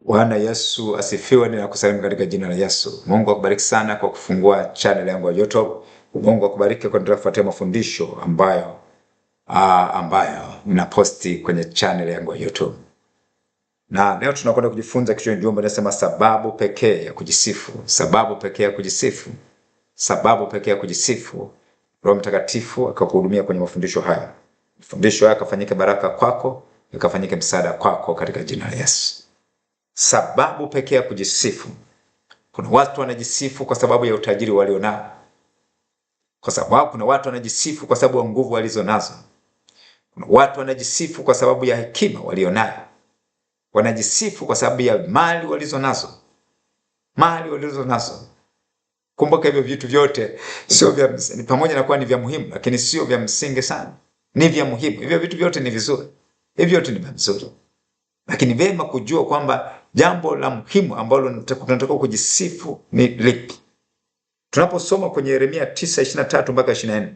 Bwana Yesu asifiwe. Ninakusalimu katika jina la Yesu. Mungu akubariki sana kwa kufungua channel yangu ya YouTube. Mungu akubariki kwa kuendelea kufuatia mafundisho ambayo uh, ambayo ninaposti kwenye channel yangu ya YouTube. Na leo tunakwenda kujifunza kichwa cha jumbe nasema sababu pekee ya kujisifu. Sababu pekee ya kujisifu. Sababu pekee ya kujisifu. Roho Mtakatifu akakuhudumia kwenye mafundisho haya. Mafundisho haya yakafanyike baraka kwako, yakafanyike msaada kwako katika jina la Yesu sababu pekee ya kujisifu. Kuna watu wanajisifu kwa sababu ya utajiri walionao, kwa sababu kuna watu wanajisifu kwa sababu ya nguvu walizonazo, kuna watu wanajisifu kwa sababu ya hekima walionayo, wanajisifu kwa sababu ya mali walizonazo, mali walizonazo. Kumbuka hivyo vitu vyote sio vya msingi, pamoja na kuwa ni vya muhimu, lakini sio vya msingi sana. Ni vya muhimu, hivyo vitu vyote ni vizuri, hivyo vyote ni vizuri, lakini vema kujua kwamba jambo la muhimu ambalo tunatakiwa kujisifu ni lipi? Tunaposoma kwenye Yeremia 9:23 mpaka 24,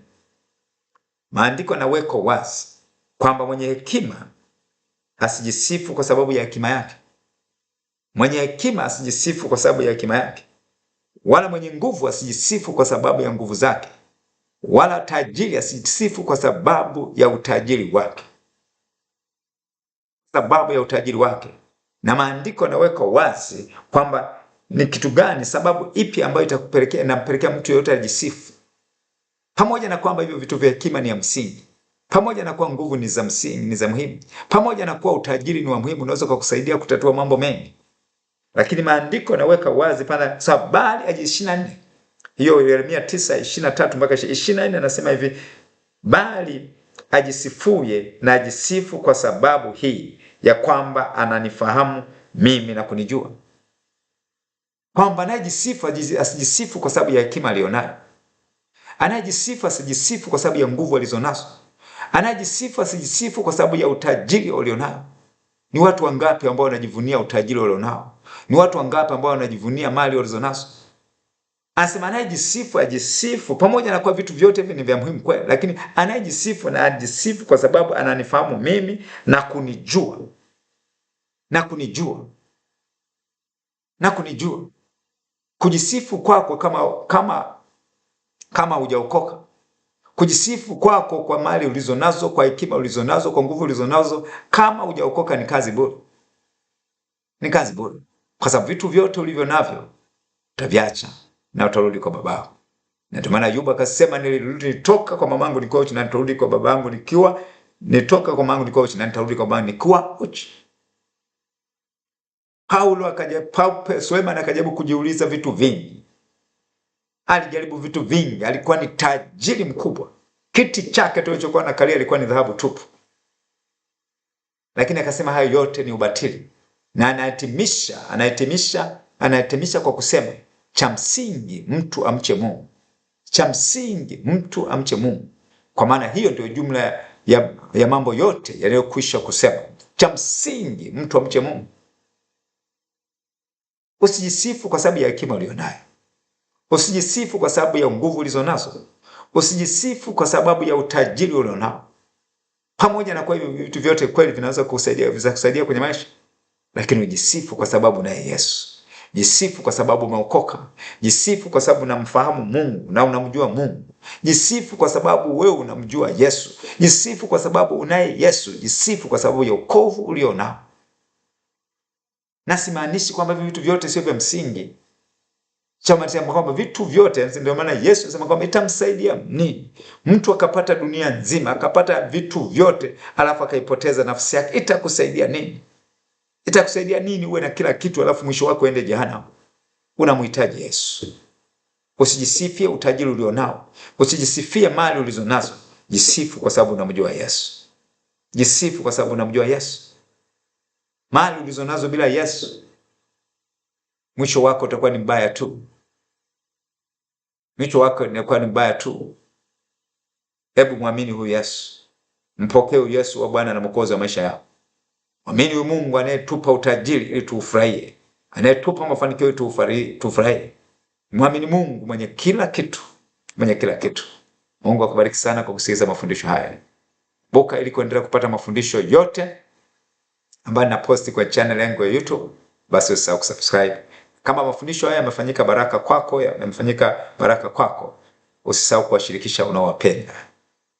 maandiko yanaweka wazi kwamba mwenye hekima asijisifu kwa sababu ya hekima yake, mwenye hekima asijisifu kwa sababu ya hekima yake, wala mwenye nguvu asijisifu kwa sababu ya nguvu zake, wala tajiri asijisifu kwa sababu ya utajiri wake, sababu ya utajiri wake na maandiko yanaweka wazi kwamba ni kitu gani, sababu ipi ambayo itakupelekea inampelekea mtu yeyote ajisifu, pamoja na kwamba hivyo vitu vya hekima ni ya msingi, pamoja na kuwa nguvu ni za msingi, ni za muhimu, pamoja na kuwa utajiri ni wa muhimu, unaweza kukusaidia kutatua mambo mengi, lakini maandiko yanaweka wazi pana sabali aji 24 hiyo Yeremia 9:23 mpaka 24 anasema hivi, bali ajisifuye na ajisifu kwa sababu hii ya kwamba ananifahamu mimi na kunijua, kwamba anayejisifu asijisifu kwa sababu ya hekima aliyonayo, anayejisifu asijisifu kwa sababu ya nguvu alizonazo, anayejisifu asijisifu kwa sababu ya utajiri ulionayo. Ni watu wangapi ambao wanajivunia utajiri walionao? Ni watu wangapi ambao wanajivunia mali walizonazo? Asema anayejisifu ajisifu, pamoja na kuwa vitu vyote hivi ni vya muhimu kweli, lakini anayejisifu na ajisifu kwa sababu ananifahamu mimi na kunijua na kunijua na kunijua. Kujisifu kwako kwa kama kama kama hujaokoka, kujisifu kwako kwa kwa mali ulizo nazo, kwa hekima ulizo nazo, kwa nguvu ulizo nazo, kama hujaokoka ni kazi bure, ni kazi bure, kwa sababu vitu vyote ulivyo navyo utaviacha na utarudi kwa babao. Na ndio maana Ayubu akasema nilirudi nitoka kwa mamangu nikiwa uchi na nitarudi kwa babangu nikiwa nitoka kwa mamangu nikiwa uchi na nitarudi kwa babangu nikiwa uchi. Paulo akaja Paulo Sulemani akajaribu kujiuliza vitu vingi. Alijaribu vitu vingi, alikuwa ni tajiri mkubwa. Kiti chake tulichokuwa na kalia alikuwa ni dhahabu tupu. Lakini akasema hayo yote ni ubatili. Na anahitimisha, anahitimisha, anahitimisha kwa kusema cha msingi mtu amche Mungu, cha msingi mtu amche Mungu. Kwa maana hiyo ndio jumla ya, ya mambo yote yanayokwisha kusema. Cha msingi mtu amche Mungu. Usijisifu kwa sababu ya hekima ulionayo, usijisifu kwa sababu ya nguvu ulizonazo, usijisifu kwa sababu ya utajiri ulionao. Pamoja na kwa hivyo vitu vyote kweli vinaweza kusaidia, kusaidia kwenye maisha, lakini ujisifu kwa sababu naye Yesu Jisifu kwa sababu umeokoka. Jisifu kwa sababu unamfahamu Mungu na unamjua Mungu. Jisifu kwa sababu wewe unamjua Yesu. Jisifu kwa sababu unaye Yesu. Jisifu kwa sababu ya ukovu ulio nao. Na simaanishi kwamba vitu vyote sio vya msingi kwamba vitu vyote. Ndio maana Yesu anasema kwamba itamsaidia nini mtu akapata dunia nzima akapata vitu vyote alafu akaipoteza nafsi yake, itakusaidia nini? Itakusaidia nini uwe na kila kitu alafu mwisho wako ende jehanamu? Unamhitaji Yesu. Usijisifie utajiri ulionao, usijisifie mali ulizonazo. Jisifu kwa sababu unamjua Yesu. Jisifu kwa sababu unamjua Yesu. Mali ulizonazo bila Yesu, mwisho wako utakuwa ni mbaya tu, mwisho wako utakuwa ni mbaya tu. Hebu mwamini huyu Yesu, mpokee huyu Yesu wa Bwana na Mwokozi wa maisha yako. Mwamini huyu Mungu anayetupa utajiri ili tuufurahie, anayetupa mafanikio ili tuufurahie. Mwamini Mungu mwenye kila kitu, mwenye kila kitu. Mungu akubariki sana kwa kusikiliza mafundisho haya. Buka ili kuendelea kupata mafundisho yote ambayo naposti kwa channel yangu ya YouTube, basi usisahau kusubscribe. Kama mafundisho haya yamefanyika baraka kwako, yamefanyika baraka kwako, usisahau kuwashirikisha unaowapenda.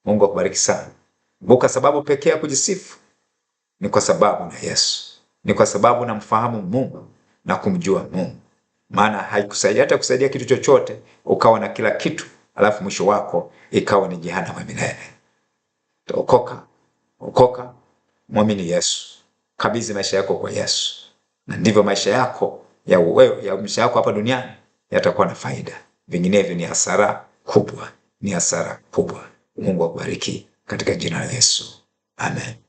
Mungu akubariki sana. Kumbuka sababu pekee ya kujisifu ni kwa sababu na Yesu, ni kwa sababu namfahamu Mungu na kumjua Mungu. Maana haikusaidia hata kusaidia kitu chochote ukawa na kila kitu alafu mwisho wako ikawa ni jehanamu milele. Okoka, okoka, mwamini Yesu, kabidhi maisha yako kwa Yesu, na ndivyo maisha yako ya wewe ya maisha yako hapa duniani yatakuwa na faida, vinginevyo ni hasara kubwa, ni hasara kubwa. Mungu akubariki katika jina la Yesu, amen.